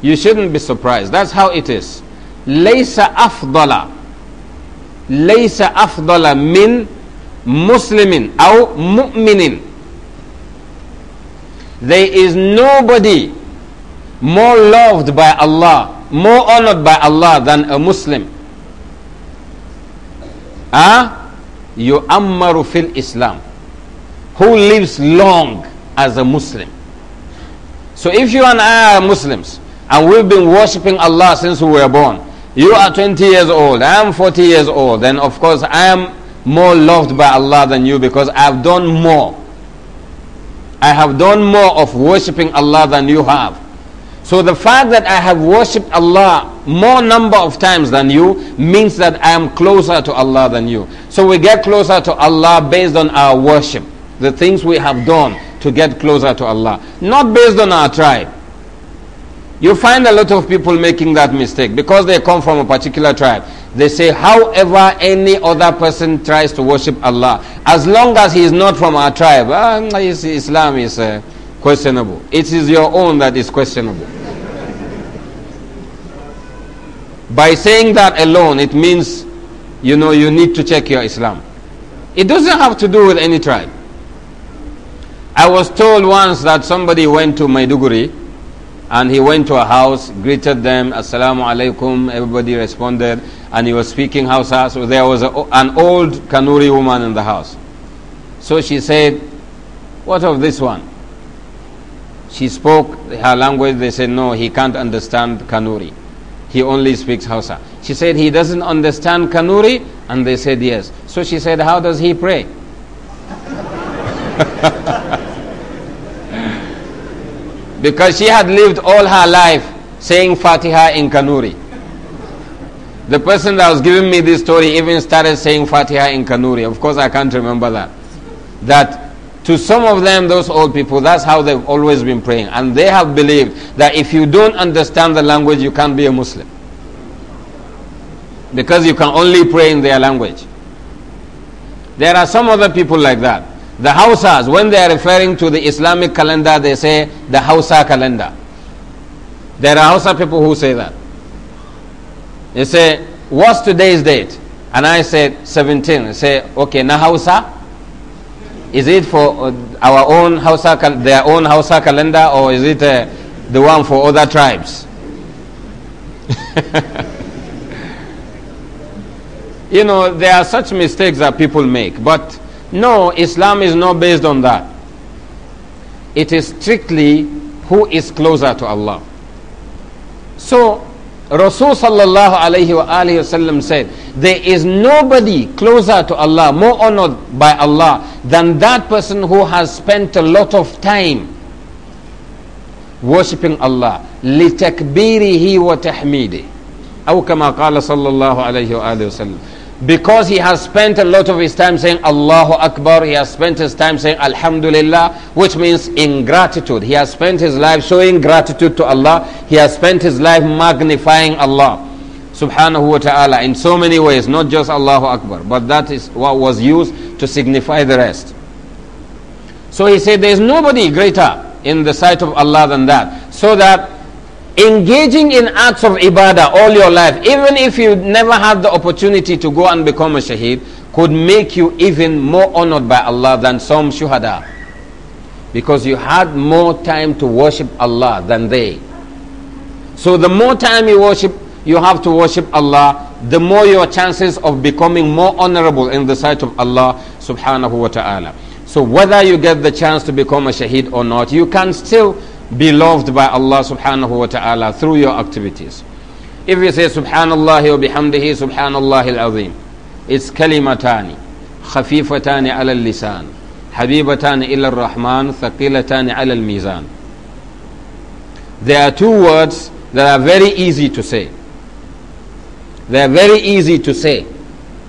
You shouldn't be surprised. That's how it is. Laysa afdala ليس أفضل من مسلم أو مؤمن There is nobody more loved by Allah, more honored by Allah than a Muslim. Ah, you ammaru Islam, who lives long as a Muslim. So if you and I are Muslims and we've been worshipping Allah since we were born, you are 20 years old, I am 40 years old, then of course I am more loved by Allah than you because I've done more. I have done more of worshipping Allah than you have. So the fact that I have worshipped Allah more number of times than you means that I am closer to Allah than you. So we get closer to Allah based on our worship, the things we have done to get closer to Allah, not based on our tribe. You find a lot of people making that mistake because they come from a particular tribe. They say, however, any other person tries to worship Allah, as long as he is not from our tribe, ah, Islam is uh, questionable. It is your own that is questionable. By saying that alone, it means you know you need to check your Islam. It doesn't have to do with any tribe. I was told once that somebody went to Maiduguri and he went to a house, greeted them, Assalamu alaikum. Everybody responded, and he was speaking Hausa. So there was a, an old Kanuri woman in the house. So she said, What of this one? She spoke her language. They said, No, he can't understand Kanuri. He only speaks Hausa. She said, He doesn't understand Kanuri. And they said, Yes. So she said, How does he pray? Because she had lived all her life saying Fatiha in Kanuri. The person that was giving me this story even started saying Fatiha in Kanuri. Of course, I can't remember that. That to some of them, those old people, that's how they've always been praying. And they have believed that if you don't understand the language, you can't be a Muslim. Because you can only pray in their language. There are some other people like that. The Hausas, when they are referring to the Islamic calendar, they say the Hausa calendar. There are Hausa people who say that. They say, What's today's date? And I said, 17. They say, Okay, na Hausa? Is it for uh, our own Hausa, their own Hausa calendar, or is it uh, the one for other tribes? you know, there are such mistakes that people make, but no, Islam is not based on that. It is strictly who is closer to Allah. So, Rasul sallallahu alayhi wa alayhi said, There is nobody closer to Allah, more honored by Allah, than that person who has spent a lot of time worshipping Allah. لِتَكْبِيرِهِ وَتَحْمِيدِهِ أو كما قال صلى الله عليه وآله وسلم because he has spent a lot of his time saying Allahu Akbar, he has spent his time saying Alhamdulillah, which means ingratitude. He has spent his life showing gratitude to Allah, he has spent his life magnifying Allah subhanahu wa ta'ala in so many ways, not just Allahu Akbar, but that is what was used to signify the rest. So he said, There is nobody greater in the sight of Allah than that. So that engaging in acts of ibadah all your life, even if you never had the opportunity to go and become a shaheed, could make you even more honored by Allah than some shuhada. Because you had more time to worship Allah than they. So the more time you worship, you have to worship Allah, the more your chances of becoming more honorable in the sight of Allah subhanahu wa ta'ala. So whether you get the chance to become a shaheed or not, you can still be loved by Allah subhanahu wa ta'ala through your activities. If you say subhanallah wa bihamdihi subhanallah al-azim, it's kalimatani, khafifatani ala al-lisan, habibatani ila al-rahman, thaqilatani ala al-mizan. There are two words that are very easy to say. They are very easy to say.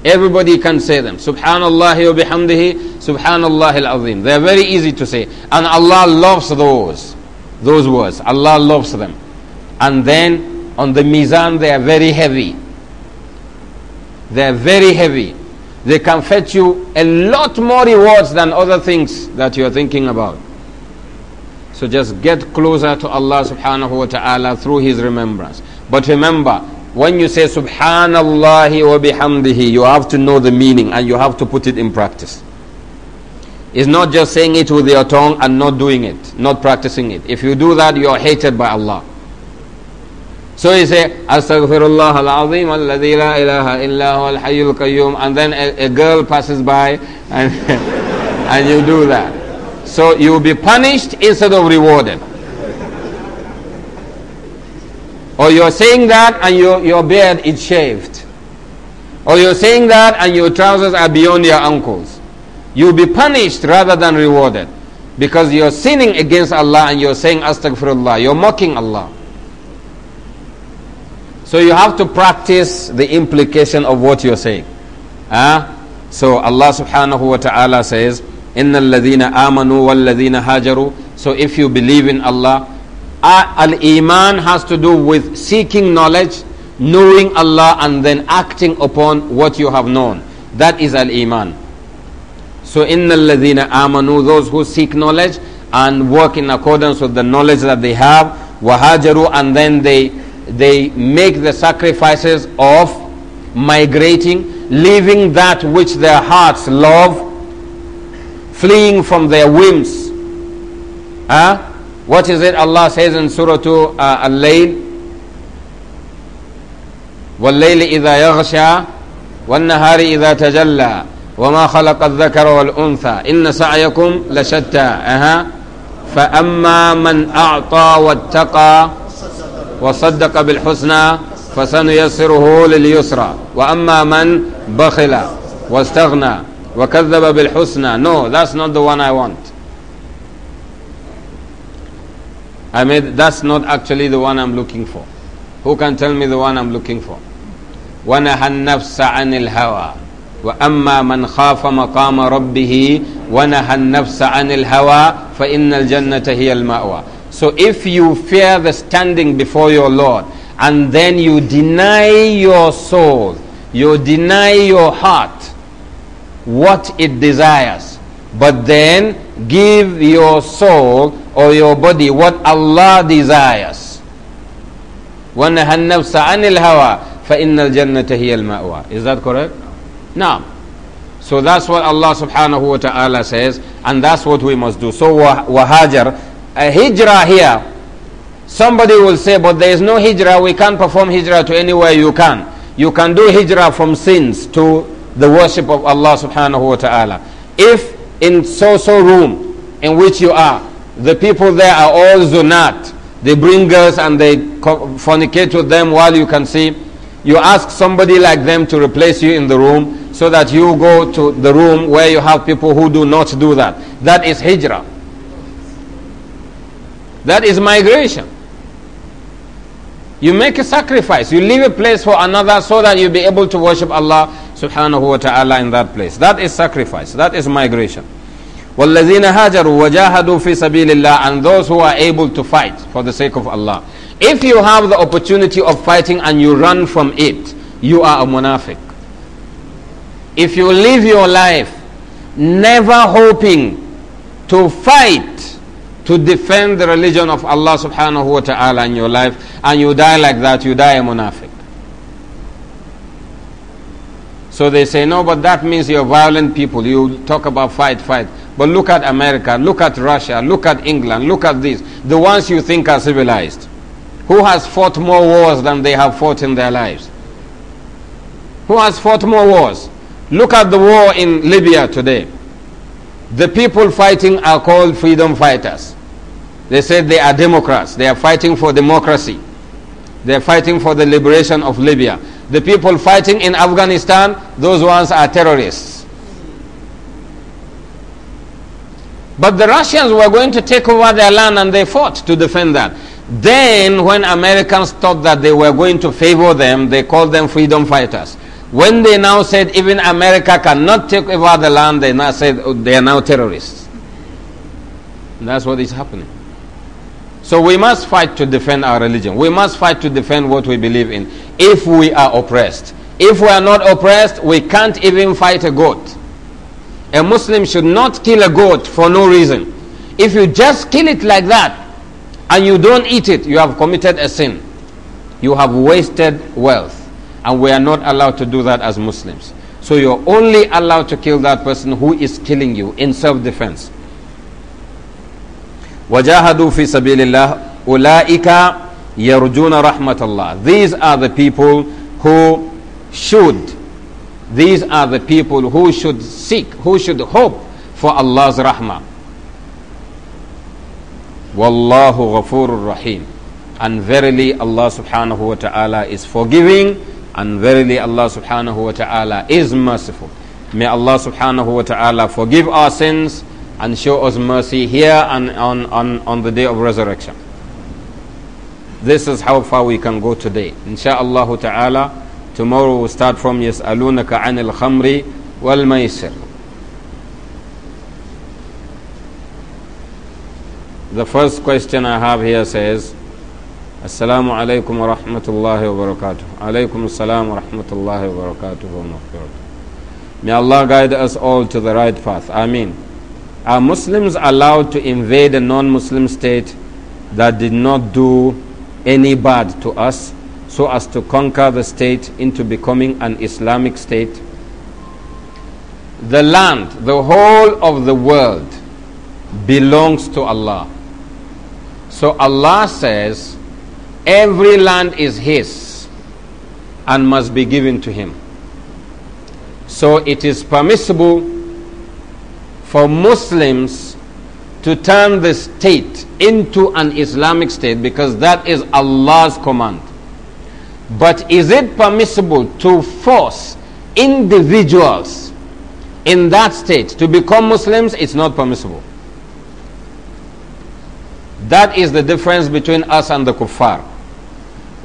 Everybody can say them. Subhanallah wa bihamdihi, subhanallah al-azim. They are very easy to say. And Allah loves those those words. Allah loves them. And then on the Mizan, they are very heavy. They are very heavy. They can fetch you a lot more rewards than other things that you are thinking about. So just get closer to Allah subhanahu wa ta'ala through His remembrance. But remember, when you say Subhanallah wa bihamdihi, you have to know the meaning and you have to put it in practice is not just saying it with your tongue and not doing it, not practicing it. If you do that, you are hated by Allah. So you say, Astaghfirullah al-Azim al la ilaha illa al-hayyul qayyum and then a, a, girl passes by and, and you do that. So you'll be punished instead of rewarded. Or you're saying that and your, your beard is shaved. Or you're saying that and your trousers are beyond your ankles. You'll be punished rather than rewarded. Because you're sinning against Allah and you're saying astaghfirullah. You're mocking Allah. So you have to practice the implication of what you're saying. Huh? So Allah subhanahu wa ta'ala says, Inna الَّذِينَ آمَنُوا وَالَّذِينَ هَاجَرُوا So if you believe in Allah, uh, Al-Iman has to do with seeking knowledge, knowing Allah and then acting upon what you have known. That is Al-Iman. So inna ladhina amanu those who seek knowledge and work in accordance with the knowledge that they have wahajaru and then they they make the sacrifices of migrating leaving that which their hearts love fleeing from their whims huh? what is it Allah says in surah to uh, al-layl والليل إذا يغشى والنهار إذا تجلى وما خلق الذكر والأنثى إن سعيكم لشتى أها فأما من أعطى واتقى وصدق بالحسنى فسنيسره لليسرى وأما من بخل واستغنى وكذب بالحسنى no that's not the one I want I mean that's not actually the one I'm looking for who can tell me the one I'm looking for ونهى النفس عن الهوى وأما من خاف مقام ربه ونهى النفس عن الهوى فإن الجنة هي المأوى So if you fear the standing before your Lord and then you deny your soul, you deny your heart what it desires, but then give your soul or your body what Allah desires. وَنَهَى النَّفْسَ عَنِ الْهَوَى فَإِنَّ الْجَنَّةَ هِيَ الْمَأْوَى Is that correct? Now, so that's what Allah subhanahu wa ta'ala says, and that's what we must do. So, wahajar, a hijrah here, somebody will say, but there is no hijrah, we can't perform hijrah to anywhere you can. You can do hijrah from sins to the worship of Allah subhanahu wa ta'ala. If in so so room in which you are, the people there are all zunat, they bring girls and they fornicate with them while you can see, you ask somebody like them to replace you in the room so that you go to the room where you have people who do not do that. That is hijrah. That is migration. You make a sacrifice. You leave a place for another so that you'll be able to worship Allah subhanahu wa ta'ala in that place. That is sacrifice. That is migration. وَالَّذِينَ هَاجَرُوا وَجَاهَدُوا فِي سَبِيلِ اللَّهِ And those who are able to fight for the sake of Allah. If you have the opportunity of fighting and you run from it, you are a munafiq if you live your life never hoping to fight to defend the religion of Allah subhanahu wa ta'ala in your life and you die like that, you die a munafiq. So they say, no, but that means you're violent people. You talk about fight, fight. But look at America, look at Russia, look at England, look at this. The ones you think are civilized. Who has fought more wars than they have fought in their lives? Who has fought more wars? Look at the war in Libya today. The people fighting are called freedom fighters. They said they are Democrats. They are fighting for democracy. They are fighting for the liberation of Libya. The people fighting in Afghanistan, those ones are terrorists. But the Russians were going to take over their land and they fought to defend that. Then, when Americans thought that they were going to favor them, they called them freedom fighters. When they now said even America cannot take over the land, they now said oh, they are now terrorists. And that's what is happening. So we must fight to defend our religion. We must fight to defend what we believe in if we are oppressed. If we are not oppressed, we can't even fight a goat. A Muslim should not kill a goat for no reason. If you just kill it like that and you don't eat it, you have committed a sin. You have wasted wealth. And we are not allowed to do that as Muslims. So you're only allowed to kill that person who is killing you in self defense. وجاهدوا في سبيل الله أولئك يرجون رحمة الله These are the people who should These are the people who should seek Who should hope for Allah's rahmah Wallahu ghafurur rahim And verily Allah subhanahu wa ta'ala is forgiving and verily Allah subhanahu wa ta'ala is merciful. May Allah subhanahu wa ta'ala forgive our sins and show us mercy here and on, on, on the day of resurrection. This is how far we can go today. Insha'Allah ta'ala, tomorrow we'll start from Yas'alunaka anil khamri wal maysir. The first question I have here says, السلام عليكم ورحمة الله وبركاته عليكم السلام ورحمة الله وبركاته ومغفرته May Allah guide us all to the right path. Amin. Are Muslims allowed to invade a non-Muslim state that did not do any bad to us so as to conquer the state into becoming an Islamic state? The land, the whole of the world belongs to Allah. So Allah says, Every land is his and must be given to him. So it is permissible for Muslims to turn the state into an Islamic state because that is Allah's command. But is it permissible to force individuals in that state to become Muslims? It's not permissible. That is the difference between us and the kuffar.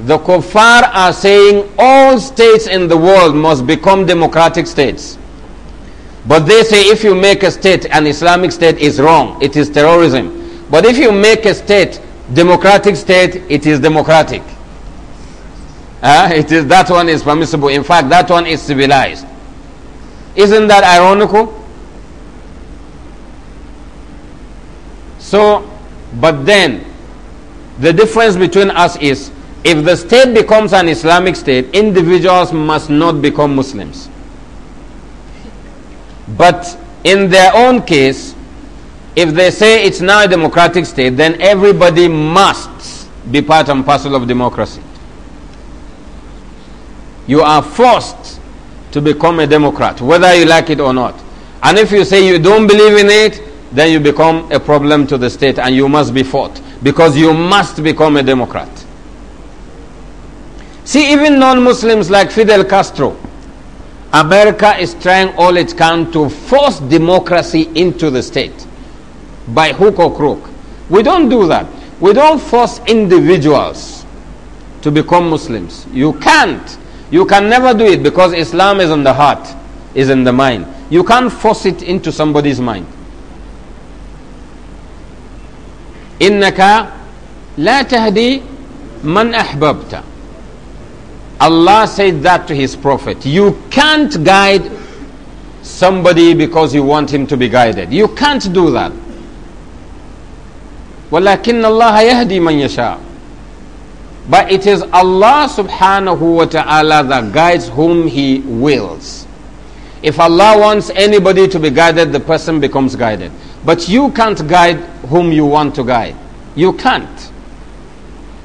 The kuffar are saying all states in the world must become democratic states. But they say if you make a state an Islamic state is wrong, it is terrorism. But if you make a state democratic state, it is democratic. Uh, it is that one is permissible. In fact, that one is civilized. Isn't that ironical? So, but then the difference between us is if the state becomes an Islamic state, individuals must not become Muslims. But in their own case, if they say it's now a democratic state, then everybody must be part and parcel of democracy. You are forced to become a Democrat, whether you like it or not. And if you say you don't believe in it, then you become a problem to the state and you must be fought because you must become a Democrat. See, even non Muslims like Fidel Castro, America is trying all it can to force democracy into the state by hook or crook. We don't do that. We don't force individuals to become Muslims. You can't. You can never do it because Islam is in the heart, is in the mind. You can't force it into somebody's mind. إنك لا تهدي من ahabbata. Allah said that to his prophet. You can't guide somebody because you want him to be guided. You can't do that. But it is Allah subhanahu wa ta'ala that guides whom He wills. If Allah wants anybody to be guided, the person becomes guided. But you can't guide whom you want to guide. You can't.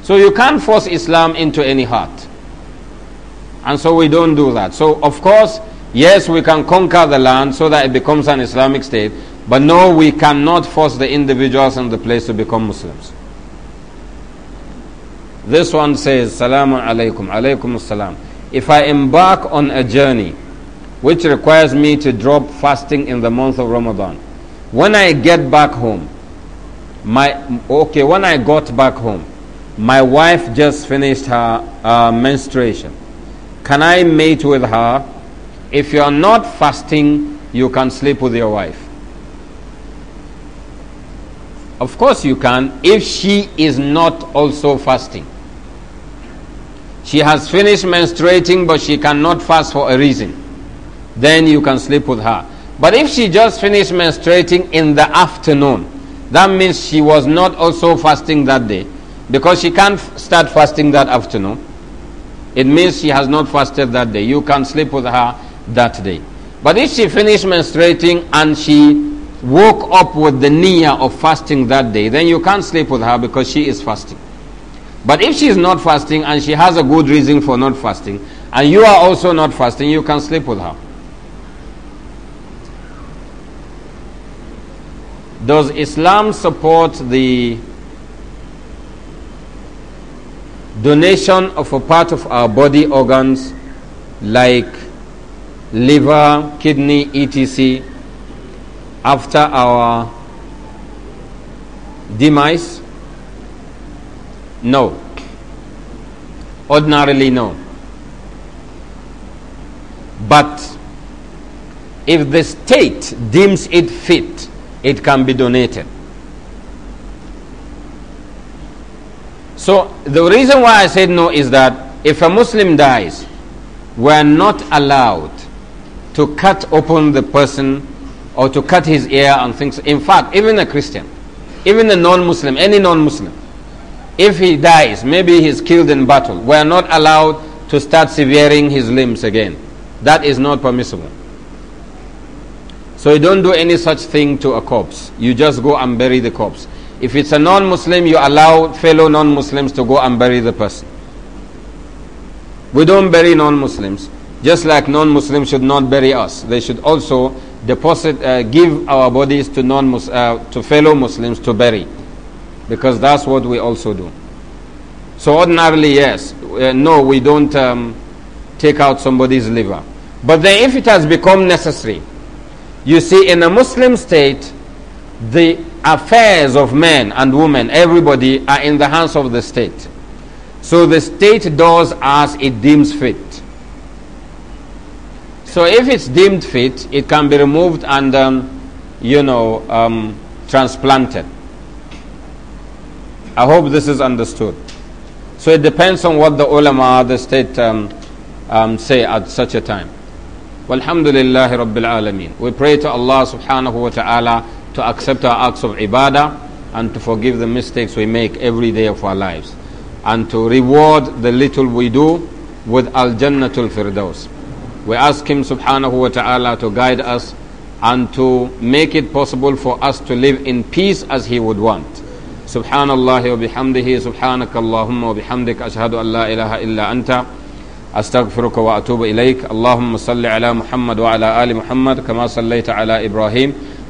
So you can't force Islam into any heart. And so we don't do that. So, of course, yes, we can conquer the land so that it becomes an Islamic state, but no, we cannot force the individuals in the place to become Muslims. This one says, Salamu alaykum, alaykum salam. If I embark on a journey which requires me to drop fasting in the month of Ramadan, when I get back home, my okay, when I got back home, my wife just finished her uh, menstruation. Can I mate with her? If you are not fasting, you can sleep with your wife. Of course, you can if she is not also fasting. She has finished menstruating, but she cannot fast for a reason. Then you can sleep with her. But if she just finished menstruating in the afternoon, that means she was not also fasting that day because she can't start fasting that afternoon. It means she has not fasted that day. You can sleep with her that day. But if she finished menstruating and she woke up with the niyyah of fasting that day, then you can't sleep with her because she is fasting. But if she is not fasting and she has a good reason for not fasting, and you are also not fasting, you can sleep with her. Does Islam support the donation of a part of our body organs like liver, kidney, etc. after our demise? No. Ordinarily, no. But if the state deems it fit, it can be donated. So the reason why I said no is that if a Muslim dies, we are not allowed to cut open the person or to cut his ear and things. In fact, even a Christian, even a non Muslim, any non Muslim, if he dies, maybe he's killed in battle, we are not allowed to start severing his limbs again. That is not permissible. So you don't do any such thing to a corpse. You just go and bury the corpse. If it's a non Muslim, you allow fellow non Muslims to go and bury the person. We don't bury non Muslims, just like non Muslims should not bury us. They should also deposit, uh, give our bodies to, non uh, to fellow Muslims to bury, because that's what we also do. So, ordinarily, yes. Uh, no, we don't um, take out somebody's liver. But then, if it has become necessary, you see, in a Muslim state, the affairs of men and women, everybody, are in the hands of the state. So the state does as it deems fit. So if it's deemed fit, it can be removed and, um, you know, um, transplanted. I hope this is understood. So it depends on what the ulama, the state, um, um say at such a time. Walhamdulillahi Rabbil Alameen. We pray to Allah subhanahu wa ta'ala to accept our acts of ibadah and to forgive the mistakes we make every day of our lives and to reward the little we do with Al Jannatul Firdaus. We ask Him subhanahu wa ta'ala to guide us and to make it possible for us to live in peace as He would want. Subhanallah, الله وبحمده سبحانك اللهم وبحمدك أشهد أن لا إله إلا أنت أستغفرك وأتوب إليك اللهم صل على محمد وعلى آل محمد كما صليت على إبراهيم